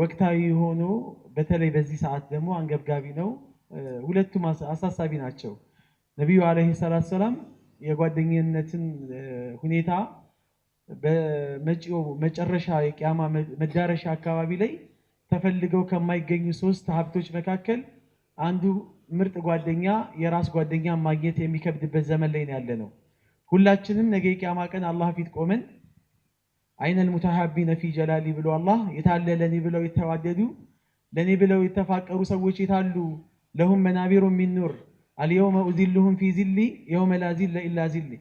ወቅታዊ ሆኖ በተለይ በዚህ ሰዓት ደግሞ አንገብጋቢ ነው። ሁለቱም አሳሳቢ ናቸው። ነቢዩ አለይሂ ሰላቱ ሰላም የጓደኝነትን ሁኔታ በመጪው መጨረሻ የቅያማ መዳረሻ አካባቢ ላይ ተፈልገው ከማይገኙ ሶስት ሀብቶች መካከል አንዱ ምርጥ ጓደኛ የራስ ጓደኛ ማግኘት የሚከብድበት ዘመን ላይ ያለ ነው። ሁላችንም ነገ የቅያማ ቀን አላህ ፊት ቆመን አይነል ሙተሃቢነ ፊ ጀላሊ ብሎ አላህ የታለ ለኔ ብለው የተዋደዱ ለኔ ብለው የተፋቀሩ ሰዎች የታሉ? ለሁም መናቢሩ ሚን ኑር አልየውመ ኡዚልሁም ፊ ዚሊ የውመ ላ ዚለ ኢላ ዚሊ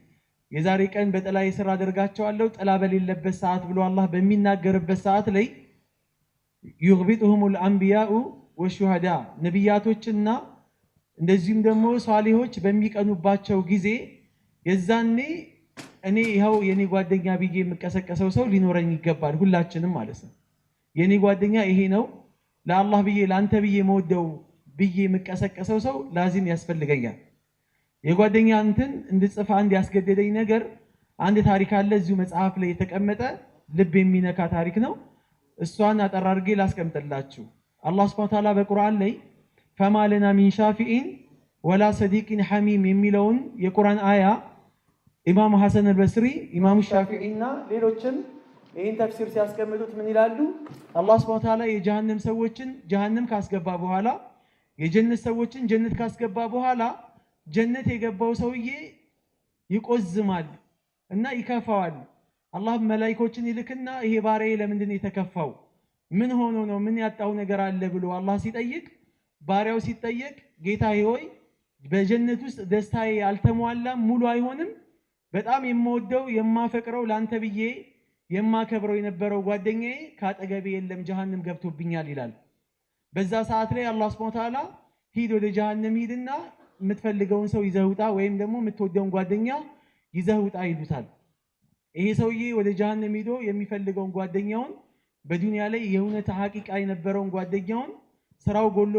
የዛሬ ቀን በጥላዬ ስር አደርጋቸዋለሁ ጥላ በሌለበት ሰዓት ብሎ አላህ በሚናገርበት ሰዓት ላይ ዩግቢጡሁሙል አንቢያኡ ወሹሃዳ ነቢያቶችና እንደዚሁም ደግሞ ሷሊሆች በሚቀኑባቸው ጊዜ የዛኔ እኔ ይኸው የኔ ጓደኛ ብዬ የምቀሰቀሰው ሰው ሊኖረኝ ይገባል፣ ሁላችንም ማለት ነው። የኔ ጓደኛ ይሄ ነው፣ ለአላህ ብዬ ለአንተ ብዬ መወደው ብዬ የምቀሰቀሰው ሰው ላዚም ያስፈልገኛል። የጓደኛ እንትን እንድጽፍ አንድ ያስገደደኝ ነገር አንድ ታሪክ አለ እዚሁ መጽሐፍ ላይ የተቀመጠ ልብ የሚነካ ታሪክ ነው። እሷን አጠራርጌ ላስቀምጥላችሁ። አላህ ሱብሓነሁ ወተዓላ በቁርአን ላይ ፈማለና ሚን ሻፊኢን ወላ ሰዲቂን ሐሚም የሚለውን የቁርአን አያ ኢማም ሐሰን አልበስሪ ኢማሙ ሻፊዒ እና ሌሎችም ይህን ተፍሲር ሲያስቀምጡት ምን ይላሉ? አላህ ሱብሓነሁ ወተዓላ የጀሃነም ሰዎችን ጀሃነም ካስገባ በኋላ የጀነት ሰዎችን ጀነት ካስገባ በኋላ ጀነት የገባው ሰውዬ ይቆዝማል እና ይከፋዋል። አላህ መላይኮችን ይልክና ይሄ ባሪያዬ ለምንድን የተከፋው? ምን ሆኖ ነው? ምን ያጣው ነገር አለ ብሎ አላህ ሲጠይቅ፣ ባሪያው ሲጠየቅ ጌታዬ ሆይ በጀነት ውስጥ ደስታዬ አልተሟላም፣ ሙሉ አይሆንም በጣም የምወደው የማፈቅረው ላንተ ብዬ የማከብረው የነበረው ጓደኛዬ ካጠገቤ የለም ጀሃንም ገብቶብኛል ይላል። በዛ ሰዓት ላይ አላህ ሱብሓነሁ ወተዓላ ሂድ ወደ ጀሃንም ሂድና የምትፈልገውን ሰው ይዘውጣ ወይም ደግሞ የምትወደውን ጓደኛ ይዘውጣ ይሉታል። ይሄ ሰውዬ ወደ ጀሃንም ሂዶ የሚፈልገውን ጓደኛውን በዱንያ ላይ የእውነት ሐቂቃ የነበረውን ጓደኛውን ስራው ጎሎ